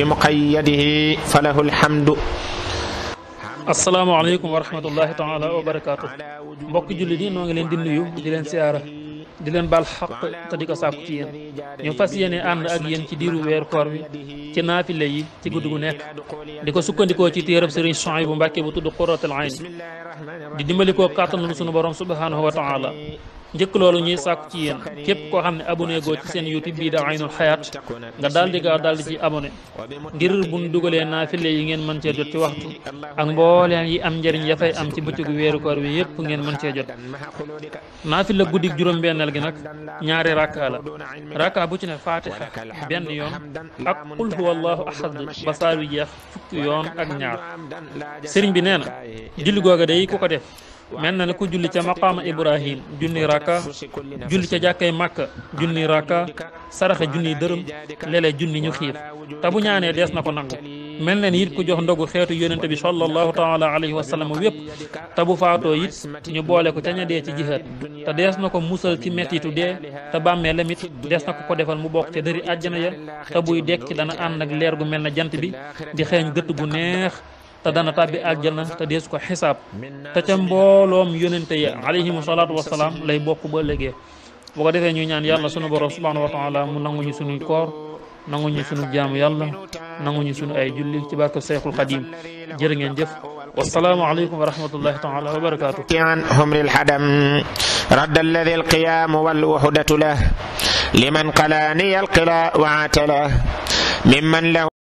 بمقيده فله الحمد asalaamaaleykum wa rahmatullahi taala wa barakaatu mbokk jullit yi noo ngi leen di nuyu di leen siyaara di leen baal xaq te di ko sàkku ci yéen ñu fas yéene ànd ak yéen ci diiru weer koor wi ci naafile yi ci guddi gu nekk di ko sukkandikoo ci téerab sëriñ Suhaybu bu Mbàkke bu tudd Qurratul Ayni di dimbalikoo kàttanul sunu borom subhanahu wa taala njëkk loolu ñuy sàkku ci yéen képp koo xam ne abonné goo ci seen youtube bii da Aynul Hayaat nga daal di gaaw daal di ci abonné ngir buñ dugalee naafile yi ngeen mën cee jot ci waxtu ak mbooleen yi am njëriñ ya fay am ci bëccëgu weeru koor wi yépp ngeen mën cee jot naafila guddik juróom-benneel gi nag ñaari rakka la rakka bu ci ne faatiha benn yoon ak qul huwa allahu ahad ba saar wi jeex fukki yoon ak ñaar sëriñ bi nee na julli googa day ku ko def من لكو جولي تا مقام ابراهيم جوني راكا جولي تا جاكاي مكه جوني راكا سارخ جوني درم للي جوني نيو خير تا بو نياني ديس نكو نانغو من لن ييت كو جوخ ندوغو خيتو يونت بي صلى الله تعالى عليه وسلم ويب تا بو فاتو ييت ني بوله كو تا نيا دي تي جيهات تا ديس نكو موسل تي ميتيتو دي تا بامي لاميت ديس نكو كو ديفال مو بوك تي دري ادجنا يا تا بوي ديك دانا اندك لير غو ملنا جانت بي دي خيغ گتو بو نيه te dana tàbbi àjjana te dees ko xisaab te ca mbooloom yonente yi alayhimu salaatu wasalaam lay bokk ba ëllëgee boo ko defee ñuy ñaan yàlla sunu borom subhanahu wa taala mu nangu ñu sunuy koor nangu ñu sunu jaamu yàlla nangu ñu sunu ay julli ci barke Seyxul Xadim jërë ngeen jëf والسلام عليكم ورحمة الله تعالى وبركاته عن همر الحدم رد الذي القيام والوحدة له لمن قلاني القلاء وعاتله ممن له